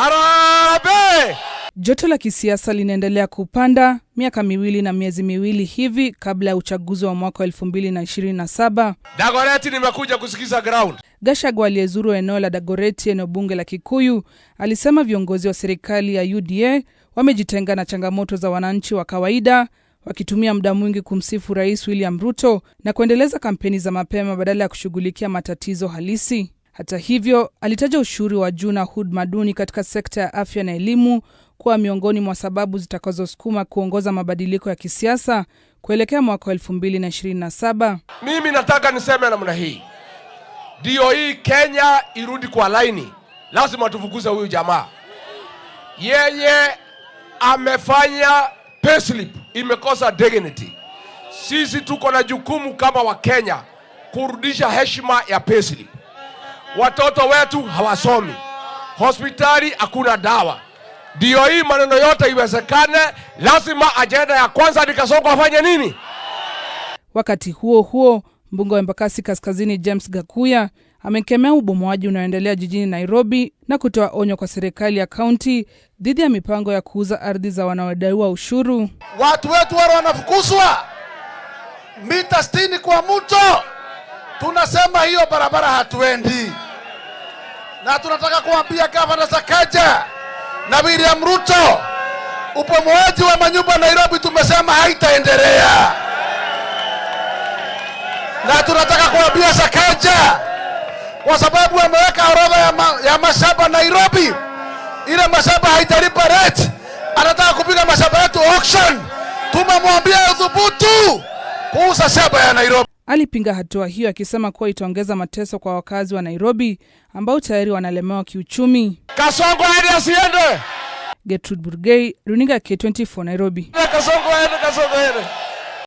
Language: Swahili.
Arabe! Joto la kisiasa linaendelea kupanda miaka miwili na miezi miwili hivi kabla ya uchaguzi wa mwaka wa elfu mbili na ishirini na Dagoreti, nimekuja kusikiza ground. Gashagwa aliyezuru eneo la Dagoreti, eneo bunge la Kikuyu, alisema viongozi wa serikali ya UDA wamejitenga na changamoto za wananchi wa kawaida wakitumia muda mwingi kumsifu Rais William Ruto na kuendeleza kampeni za mapema badala ya kushughulikia matatizo halisi. Hata hivyo, alitaja ushuru wa juu na huduma duni katika sekta ya afya na elimu kuwa miongoni mwa sababu zitakazosukuma kuongoza mabadiliko ya kisiasa kuelekea mwaka 2027. Mimi nataka niseme namna hii, ndiyo hii Kenya irudi kwa laini. Lazima tufukuze huyu jamaa, yeye amefanya payslip imekosa dignity. Sisi tuko na jukumu kama Wakenya kurudisha heshima ya payslip watoto wetu hawasomi, hospitali hakuna dawa. Ndio hii maneno yote iwezekane, lazima ajenda ya kwanza nikasonga afanye nini? Wakati huo huo, mbunge wa Embakasi Kaskazini James Gakuya amekemea ubomoaji unaoendelea jijini Nairobi na kutoa onyo kwa serikali ya kaunti dhidi ya mipango ya kuuza ardhi za wanaodaiwa ushuru. Watu wetu wale wanafukuzwa mita sitini kwa mto tunasema hiyo barabara hatuendi, na tunataka kuambia gavana Sakaja na William Ruto, upomoaji wa manyumba Nairobi tumesema haitaendelea, na tunataka kuambia Sakaja kwa sababu ameweka orodha ya, ma, ya mashamba Nairobi, ile mashamba haitalipa rent, anataka kupiga mashamba yetu auction. Tumemwambia udhubutu kuuza shamba ya Nairobi. Alipinga hatua hiyo akisema kuwa itaongeza mateso kwa wakazi wa Nairobi ambao tayari wanalemewa kiuchumi. Kasongo aende asiende. Gertrude Burgay, runinga K24, Nairobi. Eh, Kasongo aende, Kasongo aende.